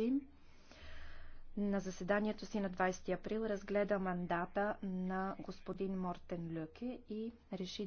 си на заседанието си на 20 април разгледа мандата на господин Мортен Люке и реши